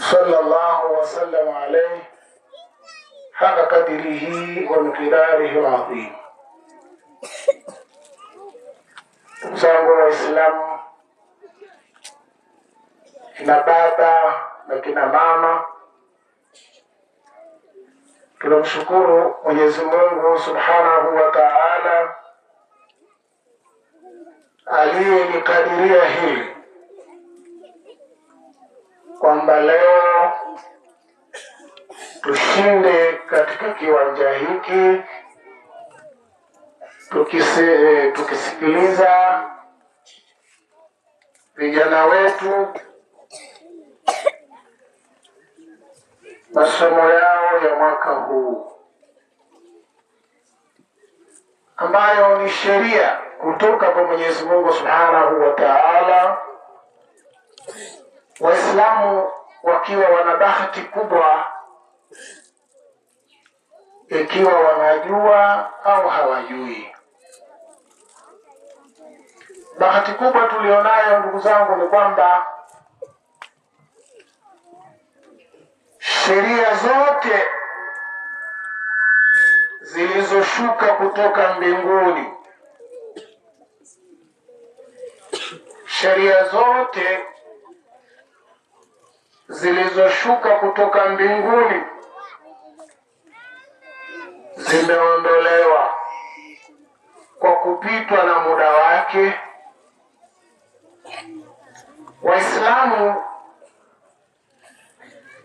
sallallahu wasallam alayhi haka kadirihi wa mikidarihi wadhim. Ndugu zangu Waislamu, kina baba na kina mama, tunamshukuru Mwenyezi Mungu subhanahu wa taala aliyelikadiria hili kwamba leo tushinde katika kiwanja hiki tukise, eh, tukisikiliza vijana wetu masomo yao ya mwaka huu ambayo ni sheria kutoka kwa Mwenyezi Mungu Subhanahu wa Ta'ala Waislamu wakiwa wana bahati kubwa ikiwa wanajua au hawajui. Bahati kubwa tulionayo, ndugu zangu, ni kwamba sheria zote zilizoshuka kutoka mbinguni, sheria zote zilizoshuka kutoka mbinguni zimeondolewa kwa kupitwa na muda wake. Waislamu,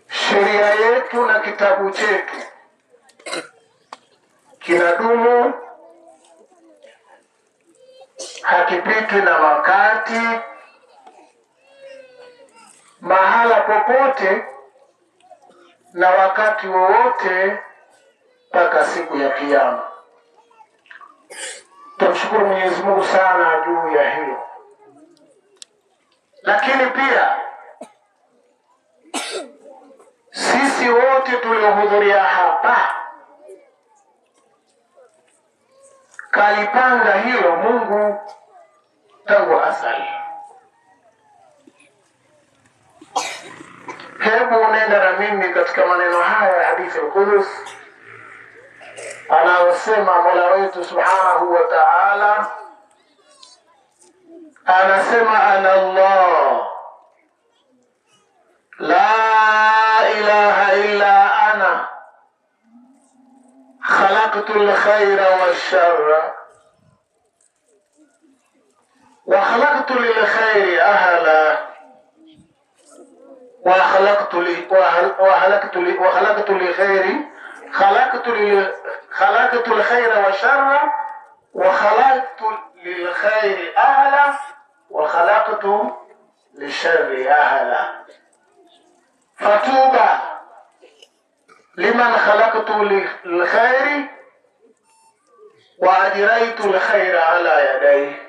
sheria yetu na kitabu chetu kinadumu, hakipitwi na wakati mahala popote na wakati wowote mpaka siku ya Kiyama. Tumshukuru Mwenyezi Mungu sana juu ya hilo, lakini pia sisi wote tuliohudhuria hapa kalipanga hilo Mungu tangu asali Hebu nenda na mimi katika maneno haya ya hadithi al-Qudus anayosema Mola wetu Subhanahu wa Ta'ala, anasema ana Allah la ilaha illa ana khalaqtu al-khayra wash-sharra wa khalaqtu lil-khayri ahla وخلقت لي وخلقت لي وخلقت لي خيري خلقت لي خلقت الخير والشر وخلقت للخير أهلا وخلقت للشر أهلا فطوبى لمن خلقت للخير وأدريت الخير على يديه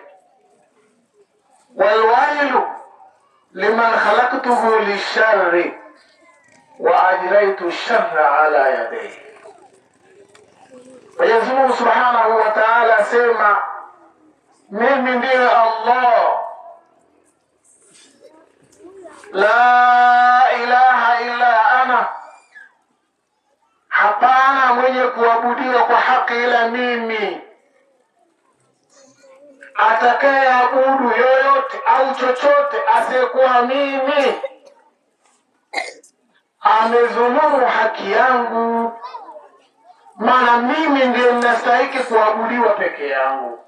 والويل liman khalaqtuhu lisharri wa ajraitu sharra ala yadayhi. Mwenyezi Mungu Subhanahu wa Ta'ala asema mimi ndiye Allah la ilaha illa ana, hapana mwenye kuabudiwa kwa haki ila mimi atakayeabudu yoyote au chochote asiyekuwa mimi amezunuru haki yangu, maana mimi ndiye ninastahiki kuabudiwa peke yangu.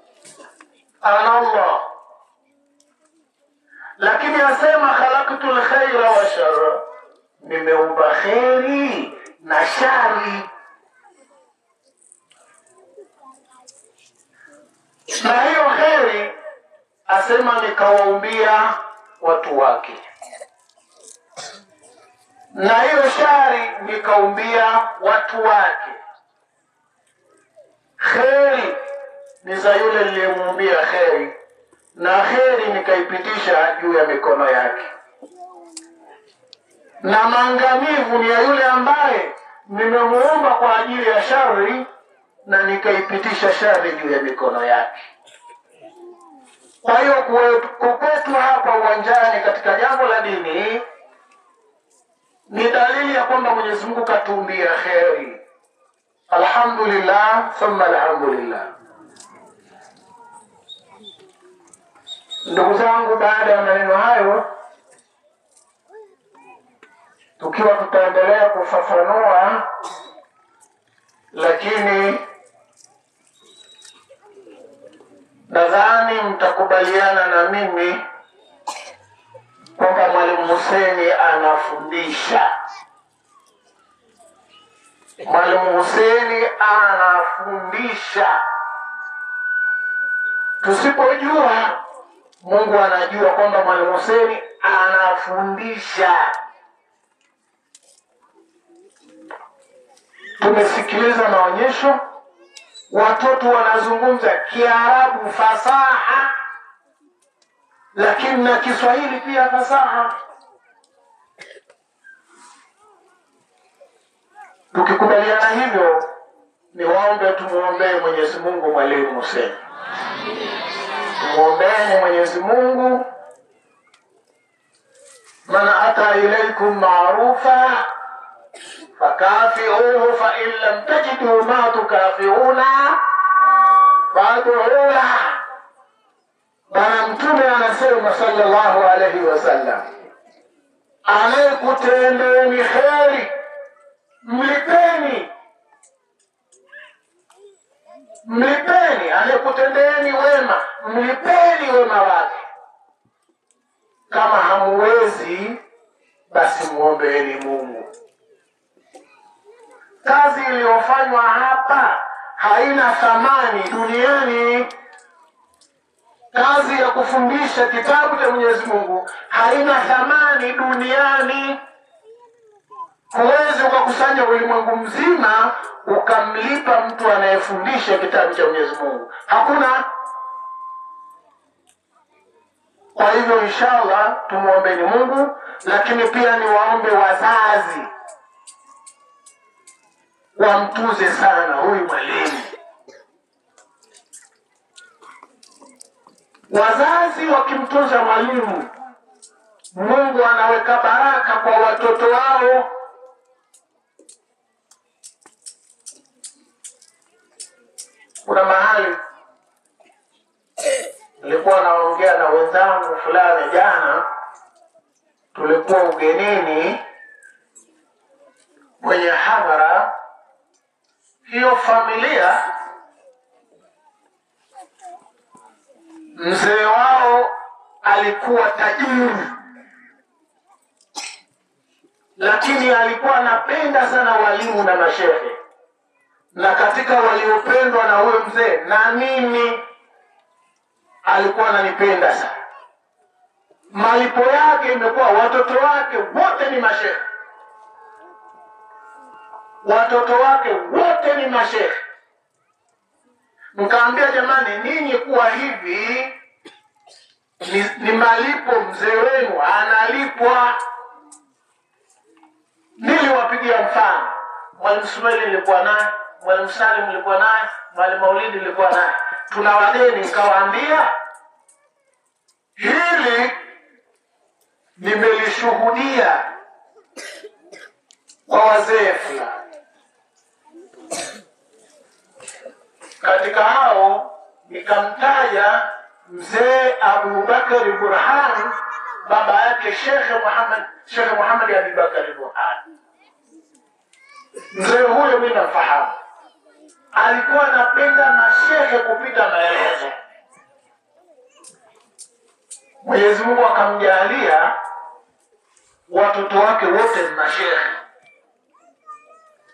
Allah lakini asema khalaktu lkhaira wa shara, nimeumba kheri akawaumbia watu wake, na hiyo shari nikaumbia watu wake. Kheri ni za yule niliyemuumbia kheri, na kheri nikaipitisha juu ya mikono yake, na maangamivu ni ya yule ambaye nimemuumba kwa ajili ya shari na nikaipitisha shari juu ya mikono yake. Kwa hiyo kuwepo hapa uwanjani katika jambo la dini ni dalili ya kwamba Mwenyezi Mungu katuumbia kheri. Alhamdulillah, thumma alhamdulillah. Ndugu zangu, baada ya maneno hayo, tukiwa tutaendelea kufafanua, lakini Nadhani mtakubaliana na mimi kwamba Mwalimu Huseni anafundisha. Mwalimu Huseni anafundisha. Tusipojua Mungu anajua kwamba Mwalimu Huseni anafundisha. Tumesikiliza maonyesho watoto wanazungumza Kiarabu fasaha, lakini na Kiswahili pia fasaha. Tukikubaliana hivyo, ni waombe tumwombee Mwenyezi Mungu mwalimu Hussein, tumwombee Mwenyezi Mungu, man ata ilaikum maarufa فكافئوه fain لم تجدوا ما تكافئون فادعوا Bwana Mtume anasema sallallahu alaihi wasallam, anayekutendeeni heri mlipeni, mlipeni. Anayekutendeeni wema mlipeni wema wake. Kama hamuwezi basi muombeeni Mungu kazi iliyofanywa hapa haina thamani duniani. Kazi ya kufundisha kitabu cha Mwenyezi Mungu haina thamani duniani. Huwezi ukakusanya ulimwengu mzima ukamlipa mtu anayefundisha kitabu cha Mwenyezi Mungu, hakuna. Kwa hivyo, inshallah, tumwombeni Mungu, lakini pia niwaombe wazazi wampuze sana huyu mwalimu. Wazazi wakimtunza mwalimu, Mungu anaweka baraka kwa watoto wao. Kuna mahali nilikuwa naongea na wenzangu fulani jana, tulikuwa ugenini kwenye hadhara hiyo familia mzee wao alikuwa tajiri, lakini alikuwa anapenda sana walimu na mashehe, na katika waliopendwa na huyo mzee na mimi alikuwa ananipenda sana. Malipo yake imekuwa watoto wake wote ni mashehe watoto wake wote ni mashehe. Mkaambia jamani, ninyi kuwa hivi ni, ni malipo. Mzee wenu analipwa. Niliwapigia mfano, mwalimu Sumeli ilikuwa naye, mwalimu Salim ilikuwa naye, mwalimu Maulidi ilikuwa naye, tuna wageni. nkawaambia hili nimelishuhudia kwa wazee fulani Katika hao nikamtaja mzee abubakar burhan baba yake Shekhe Muhammad, Shekhe Muhammad Abubakari burhan Mzee huyo mimi namfahamu, alikuwa anapenda mashehe kupita maelezo. Mwenyezi Mungu akamjalia watoto wake wote ni mashehe.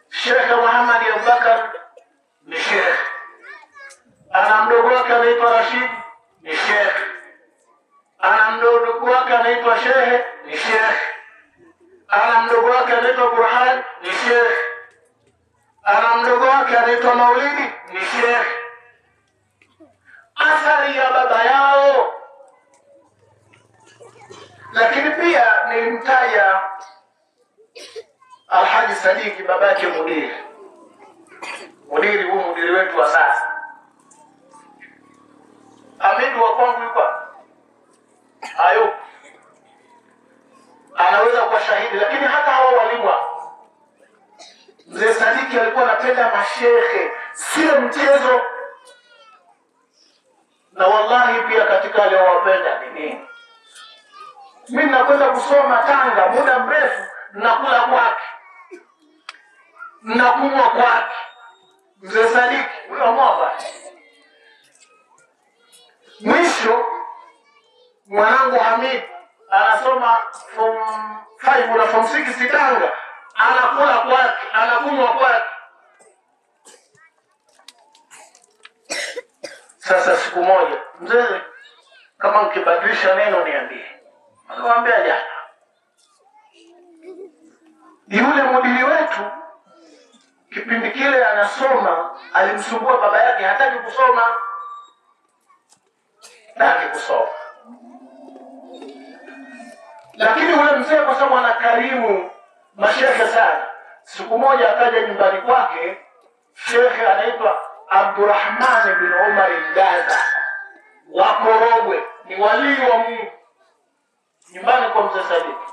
Shekhe Muhammad Abubakar ni shekhe ana mdogo wake anaitwa Rashid ni shekhe, ana mdogo wake anaitwa Shehe ni shekhe, ana mdogo wake anaitwa Burhan ni shekhe, ana mdogo wake anaitwa Maulidi ni shekhe. Athari ya baba yao. Lakini pia nilimtaja Alhaji Sadiki, baba yake mudiri mudiri huu mudiri wetu wa sasa Ahmed wa kwangu yuko hayo, anaweza kuwa shahidi. Lakini hata hao walimu, mzee Sadiki alikuwa anapenda mashehe, sio mchezo. Na wallahi pia katika aliowapenda ni nini? Mimi nakwenda kusoma Tanga muda mrefu, nakula kwake, nakunywa kwake, mzee Sadiki huyo mwamba Mwisho mwanangu Hamid anasoma form 5 na form 6 Tanga, anakula kwake, anakunywa kwake. Sasa siku moja, mzee, kama ukibadilisha neno niambie. Akamwambia jana yule mudiri wetu kipindi kile anasoma, alimsumbua baba yake, hataki kusoma na kusoma. Lakini ule mzee kwa sababu anakarimu mashehe sana, siku moja akaja nyumbani kwake shekhe anaitwa Abdurahmani bin Umar Mgaza wa Korogwe, ni walii wa Mungu, nyumbani kwa mzee Sadiki.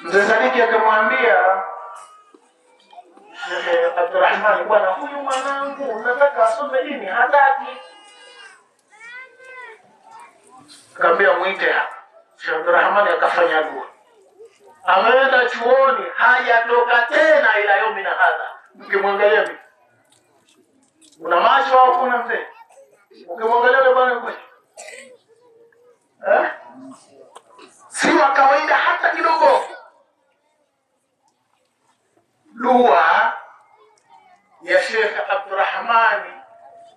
Mzee Sadiki akamwambia Abdurahmani, bwana, huyu mwanangu nataka asome dini, hataki kambia mwite hapa. Sheikh Abdurrahman akafanya dua, ameenda chuoni, hajatoka tena ila yomi na hadha. Mkimwangalia mimi una macho au kuna mzee, ukimwangalia yule bwana mkwe eh, si wa kawaida hata kidogo. Dua ya Sheikh Abdurrahmani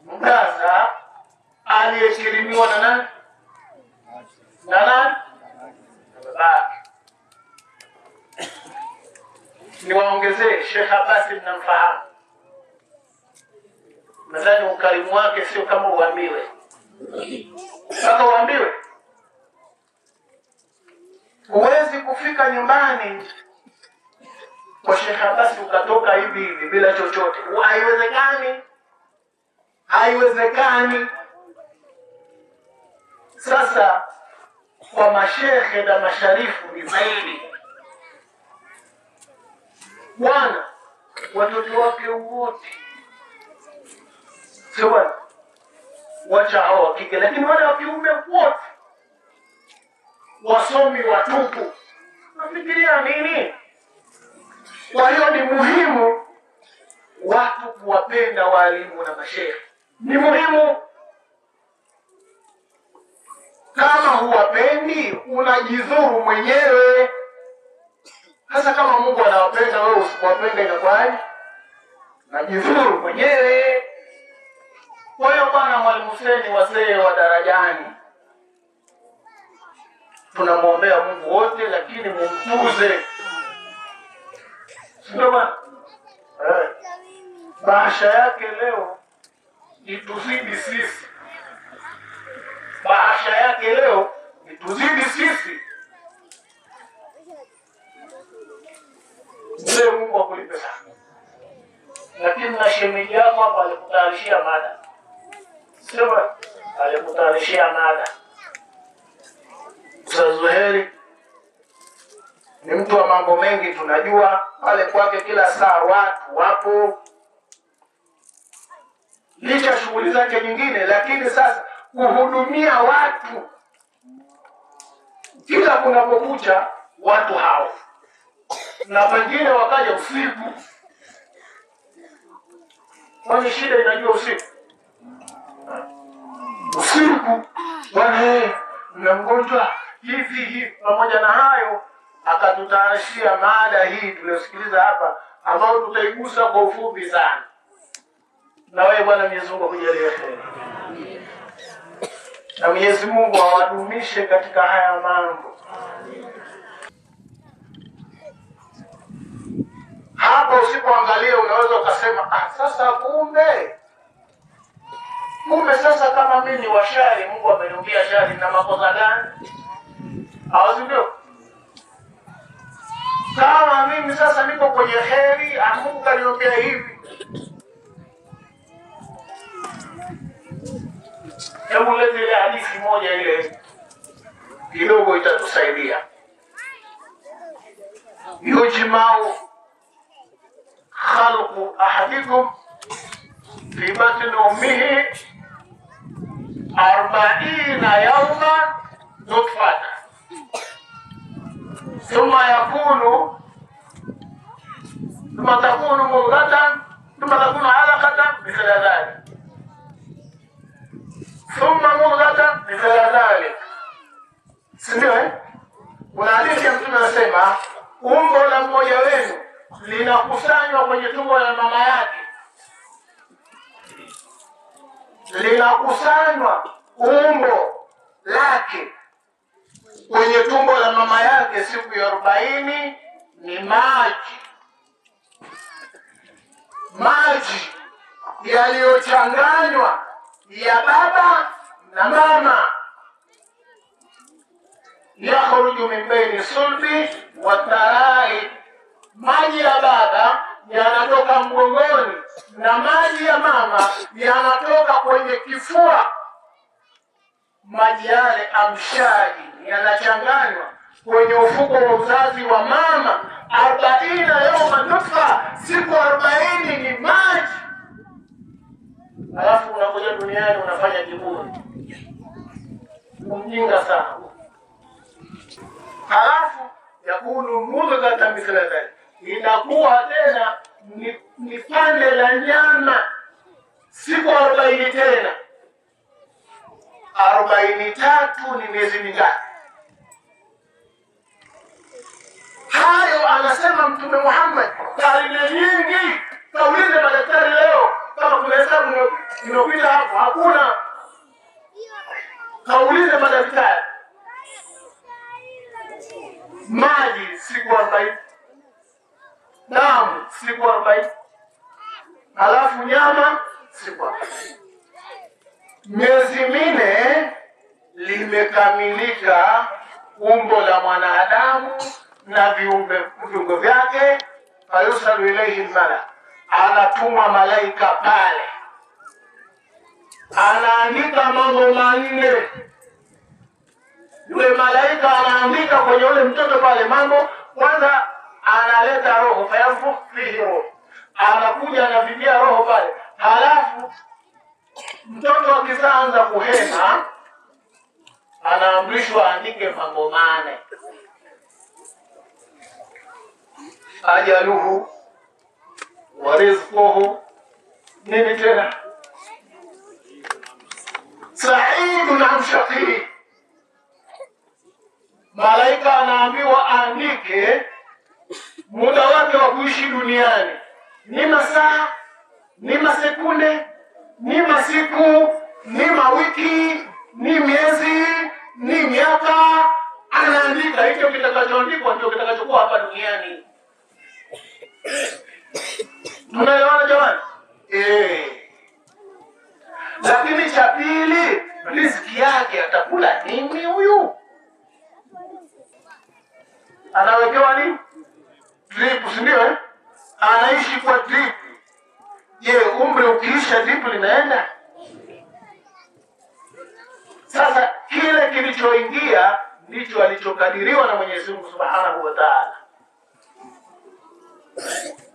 Mgaza aliyeshirimiwa na nani? Nana? nani na Niwaongezee Sheikh Abasi, mnamfahamu nadhani, ukarimu wake sio kama uambiwe, mpaka uambiwe huwezi kufika nyumbani kwa Sheikh Abasi ukatoka hivi hivi bila chochote, haiwezekani, haiwezekani. Sasa kwa mashehe na masharifu ni zaidi. Bwana watoto wake wote sio bwana, wacha hao wa kike, lakini wale wa kiume wote wasomi watupu. Nafikiria nini? Kwa hiyo ni muhimu watu kuwapenda waalimu na mashehe, ni muhimu kama huwapendi unajidhuru mwenyewe. Sasa kama Mungu anawapenda wewe usiwapende, inakuwaje? Najidhuru mwenyewe. Kwa hiyo bwana Mwalimu Hussein, wazee wa darajani, tunamwombea Mungu wote, lakini mumkuze sindoma eh. Bahasha yake leo ituzidi sisi bahasha yake leo tuzidi sisi. Mzee, Mungu akulipe sana, lakini na shemeji yako hapa alikutayarishia mada, sema alikutayarishia mada. Ustaz Zuheri ni mtu wa mambo mengi, tunajua pale kwake kila saa watu wapo, licha shughuli zake nyingine, lakini sasa kuhudumia watu kila kunapokucha watu hao, na pengine wakaja usiku, kwani shida inajua usiku usiku bwana, mna mgonjwa hivi hivi. Pamoja na hayo, akatutaarishia mada hii tunayosikiliza hapa, ambayo tutaigusa kwa ufupi sana, na wewe Bwana Mwenyezi Mungu akujalie heri na Mwenyezi Mungu awadumishe katika haya mambo. Hapo usipoangalia unaweza ukasema ah, sasa kumbe kumbe sasa kama mimi ni washari, Mungu ameniumbia shari na makosa gani? Au Kama mimi sasa niko kwenye heri, Mungu kaniumbia hivi Hebu lete ile hadithi moja ile kidogo itatusaidia. Yujmau khalqu ahadikum fi batni ummihi arbaina yawman nutfatan thumma yakunu ثم تكون مضغة ثم تكون علقة مثل ذلك thumma mudghatan mithla dhalik, si ndio eh? Kuna hadithi ya Mtume anasema umbo la mmoja wenu linakusanywa kwenye tumbo la mama yake, linakusanywa umbo lake kwenye tumbo la mama yake siku ya arobaini ni maji maji yaliyochanganywa ya baba na mama yakhruju min baini sulbi wa tarai, maji ya baba yanatoka mgongoni na maji ya mama yanatoka kwenye kifua. Maji yale amshaji yanachanganywa kwenye ufuko wa uzazi wa mama, arbaina yauma nutfa, siku arobaini ni maji alafu unakuja duniani unafanya kiburi, mjinga sana. Halafu yakunu mudghatan mithla dhalik, inakuwa tena ni pande la nyama, siku arobaini tena arobaini tatu ni miezi mingapi? Hayo anasema Mtume Muhammad, karine nyingi kaulize iliyopita hapo hakuna. Kaulize madaktari, maji siku arobaini, damu siku arobaini, halafu nyama siku arobaini. Miezi minne limekamilika umbo la mwanadamu na viumbe viungo vyake, fayusalu ilaihi lmala, anatumwa malaika pale anaandika mambo manne. Yule malaika anaandika kwenye ule mtoto pale mambo. Kwanza analeta roho, fayanfukh fihi roho, anakuja anapigia roho pale. Halafu mtoto akisaanza kuhema, anaamrishwa aandike mambo mane ajaluhu wa rizquhu nini tena saidun an shaqii, malaika anaambiwa aandike muda wake wa kuishi duniani ni masaa, ni masekunde, ni masiku, ni mawiki, ni miezi, ni miaka. Anaandika hicho kitakachoandikwa, ndio kitakachokuwa hapa duniani. Tunaelewana jamani? Eh. Lakini cha pili, riziki yake atakula nini? Huyu anawekewa nini? Drip, si ndio eh? Anaishi kwa drip. Je, umri ukiisha drip linaenda? Sasa kile kilichoingia ndicho alichokadiriwa na Mwenyezi Mungu Subhanahu wa Ta'ala.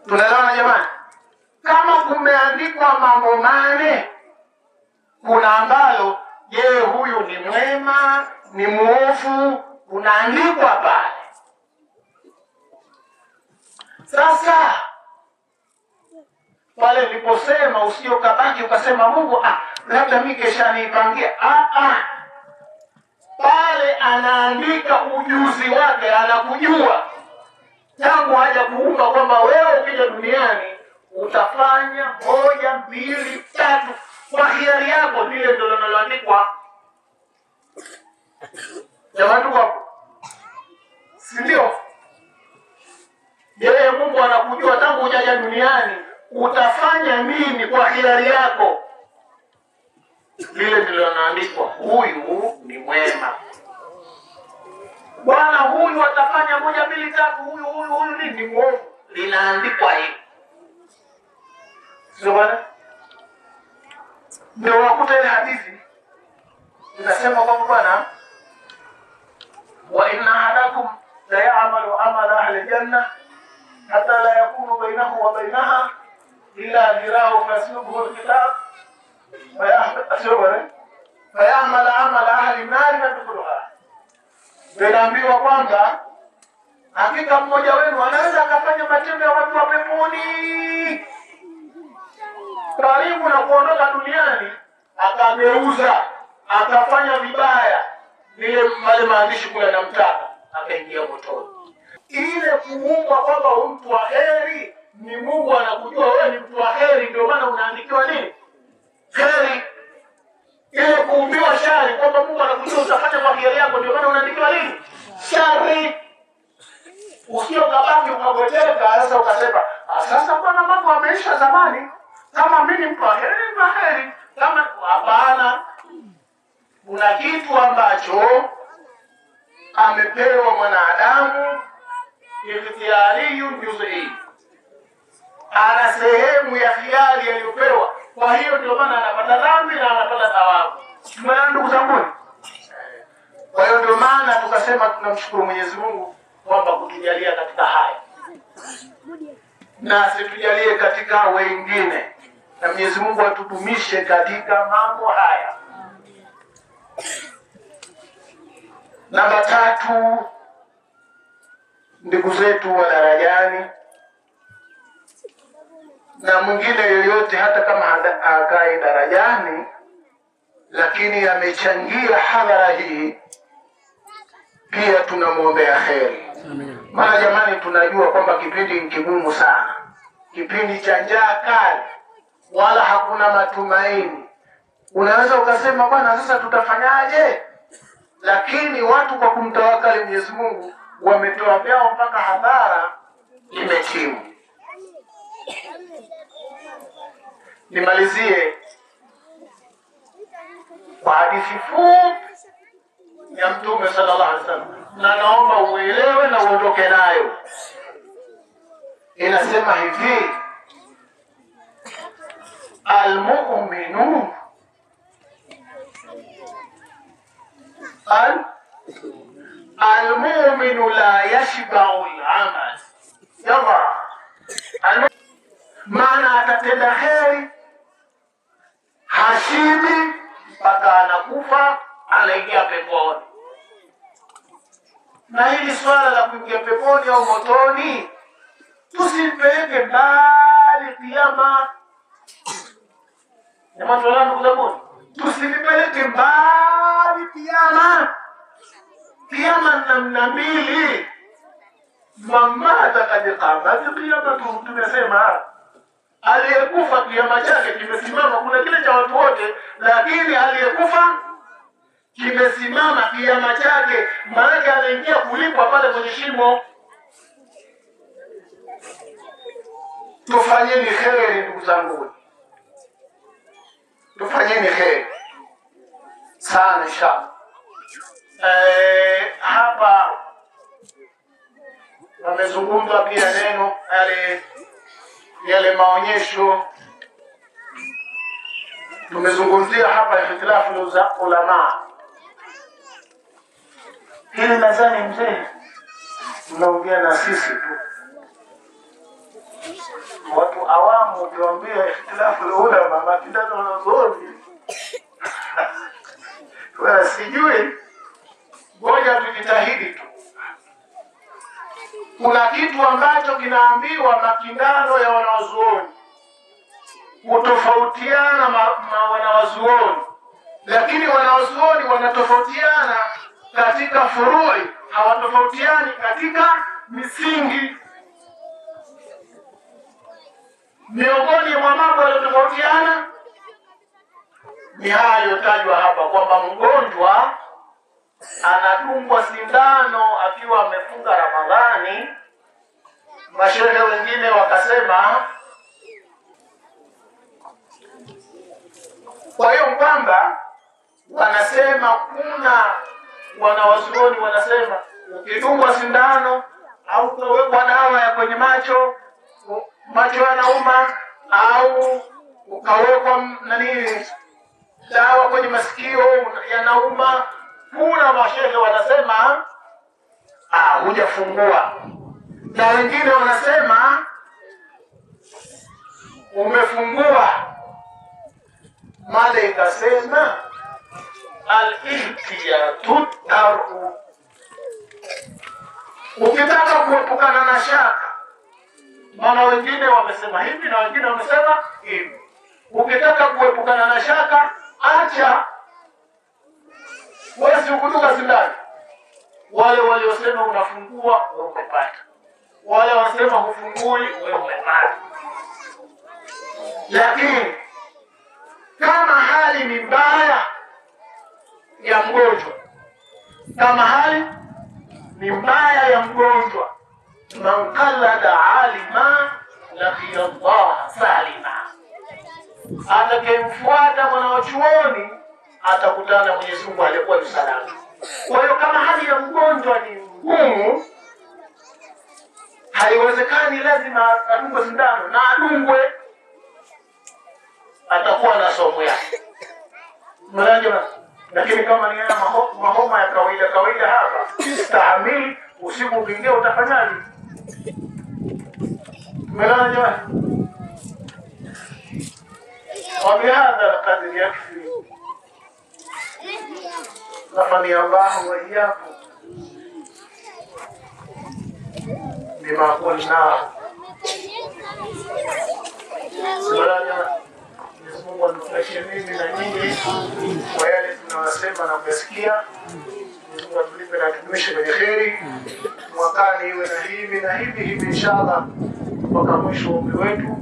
Tunaelewana jamani? Kama kumeandikwa mambo mane kuna ambalo, yeye huyu ni mwema ni muovu, unaandikwa pale. Sasa pale niliposema usiokabaki ukasema Mungu ah, labda mi kesha niipangia ah, ah. Pale anaandika ujuzi wake, anakujua tangu haja kuumba kwamba wewe ukija duniani utafanya moja mbili imeandikwa. Jamani, tuko si ndio? Yeye Mungu anakujua tangu ujaja duniani, utafanya nini kwa hiari yako, lile lililoandikwa, huyu ni mwema Bwana huyu atafanya moja mbili tatu, huyu huyu huyu ni ni mwovu, linaandikwa hivi. Sio bwana, ndio wakuta ile hadithi inasema kwamba bwana, wa inna ahadakum la ya'malu amala ahli janna hata la yakunu bainahu wa bainaha illa dhira'un faslubuhu alkitab fayamala amala ahli nari fadkhuluha. Tunaambiwa kwamba hakika mmoja wenu anaweza akafanya matendo ya watu wa peponi karibu na kuondoka duniani akageuza atafanya vibaya vile wale maandishi kule anamtaka akaingia motoni. Ile kuumbwa kwamba mtu wa heri ni Mungu anakujua wewe ni mtu wa heri, ndio maana unaandikiwa nini heri. Ile kuumbiwa shari kwamba Mungu anakujua utafanya kwa heri yako, ndio maana unaandikiwa nini shari. Ukiwa kabaki ukagoteka, ah, sasa ukasema sasa, bwana, mambo ameisha zamani. Kama mimi mtu wa heri, heri. Kama hapana kuna kitu ambacho amepewa mwanadamu ikhtiyariyun juz'i, ana sehemu ya khiari aliyopewa. Kwa hiyo ndio maana anapata dhambi na anapata thawabu. Umeona ndugu zangu? Kwa hiyo ndio maana tukasema tunamshukuru Mwenyezi Mungu kwamba kutujalia katika haya na situjalie katika wengine, na Mwenyezi Mungu atudumishe katika mambo haya. Namba tatu, ndugu zetu wa darajani na mwingine yoyote, hata kama hakai darajani, lakini amechangia hadhara hii, pia tunamwombea heri Maana jamani, tunajua kwamba kipindi ni kigumu sana, kipindi cha njaa kali, wala hakuna matumaini Unaweza ukasema bwana, sasa tutafanyaje? Lakini watu kwa kumtawakali Mwenyezi Mungu wametoa vyao mpaka hadhara imetimu. Nimalizie kwa hadithi fupi ya Mtume sallallahu alaihi wasallam, na naomba uelewe na uondoke nayo. Inasema hivi almuminu Al almuminu la yashbau lamal yaa, maana atatenda heri hashibi mpaka anakufa, anaingia peponi. Na hili swala la kuingia peponi au motoni tusilipeleke mbali kiama, jamani, tusipeleke mbali Kwani kiama kiama namna mbili, mamata kad qamat kiamatu, tumesema aliyekufa kiama chake kimesimama. Kuna kile cha watu wote, lakini aliyekufa kimesimama kiama chake, maanake anaingia kulipwa pale kwenye shimo. Tufanyeni kheri ndugu zangu, tufanyeni kheri sana inshallah. Eh, hapa wamezungumza pia neno yale yale maonyesho tumezungumzia hapa ikhtilafu za ulama. Hili nadhani mzee mnaongea na sisi tu, watu awamu ukiwambia ikhtilafu ulama matindano wanazuoni Wala sijui, ngoja tujitahidi tu. Kuna kitu ambacho kinaambiwa makindano ya wanawazuoni kutofautiana na wanawazuoni, lakini wanawazuoni wanatofautiana katika furui, hawatofautiani katika misingi. Miongoni mwa mambo yanayotofautiana ni haya yotajwa hapa kwamba mgonjwa anadungwa sindano akiwa amefunga Ramadhani. Mashehe wengine wakasema, kwa hiyo kwamba wanasema kuna wanawazuoni wanasema ukidungwa sindano au ukawekwa dawa ya kwenye macho, macho yanauma, au ukawekwa nanii dawa kwenye masikio yanauma. Kuna mashehe wanasema ah, hujafungua, na wengine wanasema umefungua. Mada ikasema alihtiyatu taru, ukitaka kuepukana na shaka. Maana wengine wamesema hivi na wengine wamesema hivi, ukitaka kuepukana na shaka acha wezi ukutoka zindani. Wale waliosema unafungua wewe umepata, wale wasema hufungui wewe umepata. Lakini kama hali ni mbaya ya mgonjwa, kama hali ni mbaya ya mgonjwa, man qalada alima laqiya Allah salima atakayemfuata mwanawachuoni atakutana na Mwenyezi Mungu aliyekuwa msalama. Kwa hiyo kama hali ya mgonjwa ni ngumu, haiwezekani, lazima adungwe sindano na adungwe, atakuwa na somo yake. Lakini kama ni mahoma ya kawaida kawaida, hapa stahamili, usiku ukiingia utafanyaje? Umeelewa وبهذا القدر يكفي نفني الله واياكم بما قلنا Mungu na nyinyi kwa yale tunayosema na na kwenye heri, mwakani iwe na hivi na hivi hivi, inshallah mpaka mwisho wa umri wetu.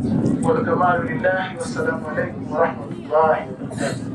والكمال لله والسلام عليكم ورحمة الله وبركاته